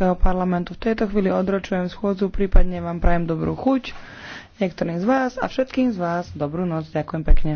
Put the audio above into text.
Európskeho parlamentu. V tejto chvíli odročujem schôdzu, prípadne vám prajem dobrú chuť niektorým z vás a všetkým z vás dobrú noc. Ďakujem pekne.